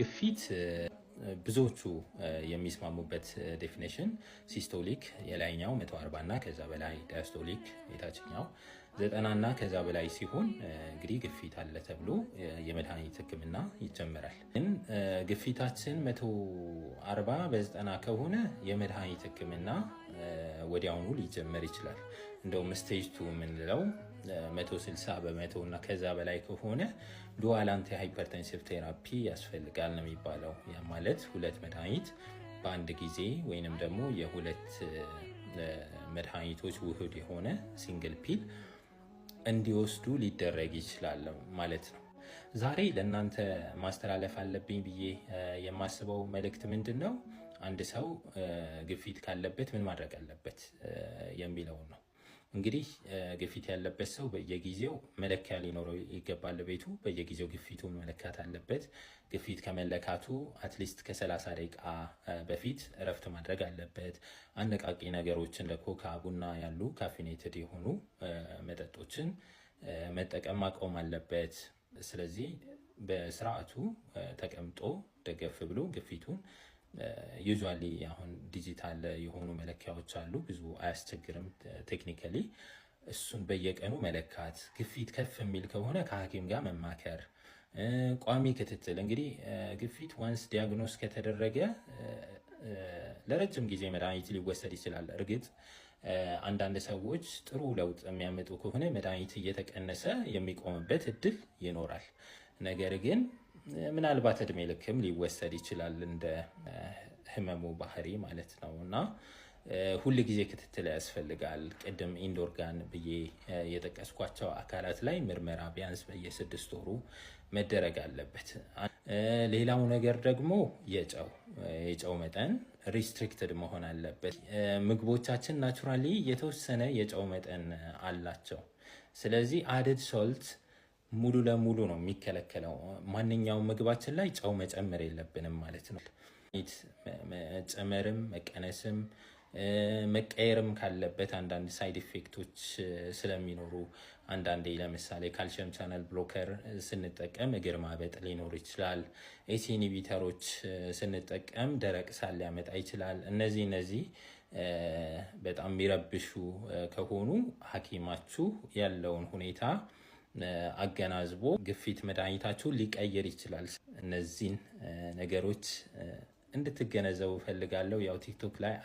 ግፊት ብዙዎቹ የሚስማሙበት ዴፊኔሽን ሲስቶሊክ የላይኛው 140 እና ከዛ በላይ ዳያስቶሊክ የታችኛው ዘጠናና ከዛ በላይ ሲሆን እንግዲህ ግፊት አለ ተብሎ የመድኃኒት ሕክምና ይጀምራል። ግን ግፊታችን 140 በዘጠና ከሆነ የመድኃኒት ሕክምና ወዲያውኑ ሊጀመር ይችላል። እንደውም ስቴጅ ቱ የምንለው 160 በመቶ እና ከዛ በላይ ከሆነ ዱዋል አንቲ ሃይፐርቴንሲቭ ቴራፒ ያስፈልጋል ነው የሚባለው። ማለት ሁለት መድኃኒት በአንድ ጊዜ ወይንም ደግሞ የሁለት መድኃኒቶች ውህድ የሆነ ሲንግል ፒል እንዲወስዱ ሊደረግ ይችላል ማለት ነው። ዛሬ ለእናንተ ማስተላለፍ አለብኝ ብዬ የማስበው መልእክት ምንድን ነው? አንድ ሰው ግፊት ካለበት ምን ማድረግ አለበት የሚለውን ነው። እንግዲህ ግፊት ያለበት ሰው በየጊዜው መለኪያ ሊኖረው ይገባል። ቤቱ በየጊዜው ግፊቱ መለካት አለበት። ግፊት ከመለካቱ አትሊስት ከ30 ደቂቃ በፊት እረፍት ማድረግ አለበት። አነቃቂ ነገሮች እንደ ኮካ፣ ቡና ያሉ ካፊኔትድ የሆኑ መጠጦችን መጠቀም ማቆም አለበት። ስለዚህ በስርዓቱ ተቀምጦ ደገፍ ብሎ ግፊቱን ዩዝዋሊ አሁን ዲጂታል የሆኑ መለኪያዎች አሉ፣ ብዙ አያስቸግርም ቴክኒካሊ። እሱን በየቀኑ መለካት፣ ግፊት ከፍ የሚል ከሆነ ከሐኪም ጋር መማከር፣ ቋሚ ክትትል። እንግዲህ ግፊት ዋንስ ዲያግኖስ ከተደረገ ለረጅም ጊዜ መድኃኒት ሊወሰድ ይችላል። እርግጥ አንዳንድ ሰዎች ጥሩ ለውጥ የሚያመጡ ከሆነ መድኃኒት እየተቀነሰ የሚቆምበት እድል ይኖራል። ነገር ግን ምናልባት እድሜ ልክም ሊወሰድ ይችላል እንደ ህመሙ ባህሪ ማለት ነው እና ሁል ጊዜ ክትትል ያስፈልጋል። ቅድም ኢንዶርጋን ብዬ የጠቀስኳቸው አካላት ላይ ምርመራ ቢያንስ በየስድስት ወሩ መደረግ አለበት። ሌላው ነገር ደግሞ የጨው የጨው መጠን ሪስትሪክትድ መሆን አለበት። ምግቦቻችን ናቹራሊ የተወሰነ የጨው መጠን አላቸው። ስለዚህ አድድ ሶልት ሙሉ ለሙሉ ነው የሚከለከለው። ማንኛውም ምግባችን ላይ ጨው መጨመር የለብንም ማለት ነው። መጨመርም መቀነስም መቀየርም ካለበት አንዳንድ ሳይድ ኢፌክቶች ስለሚኖሩ አንዳንዴ ለምሳሌ ካልሽየም ቻናል ብሎከር ስንጠቀም እግር ማበጥ ሊኖር ይችላል። ኤሲ ኢንሂቢተሮች ስንጠቀም ደረቅ ሳል ሊያመጣ ይችላል። እነዚህ እነዚህ በጣም የሚረብሹ ከሆኑ ሐኪማችሁ ያለውን ሁኔታ አገናዝቦ ግፊት መድኃኒታችሁ ሊቀይር ይችላል። እነዚህን ነገሮች እንድትገነዘቡ እፈልጋለሁ። ያው ቲክቶክ ላይ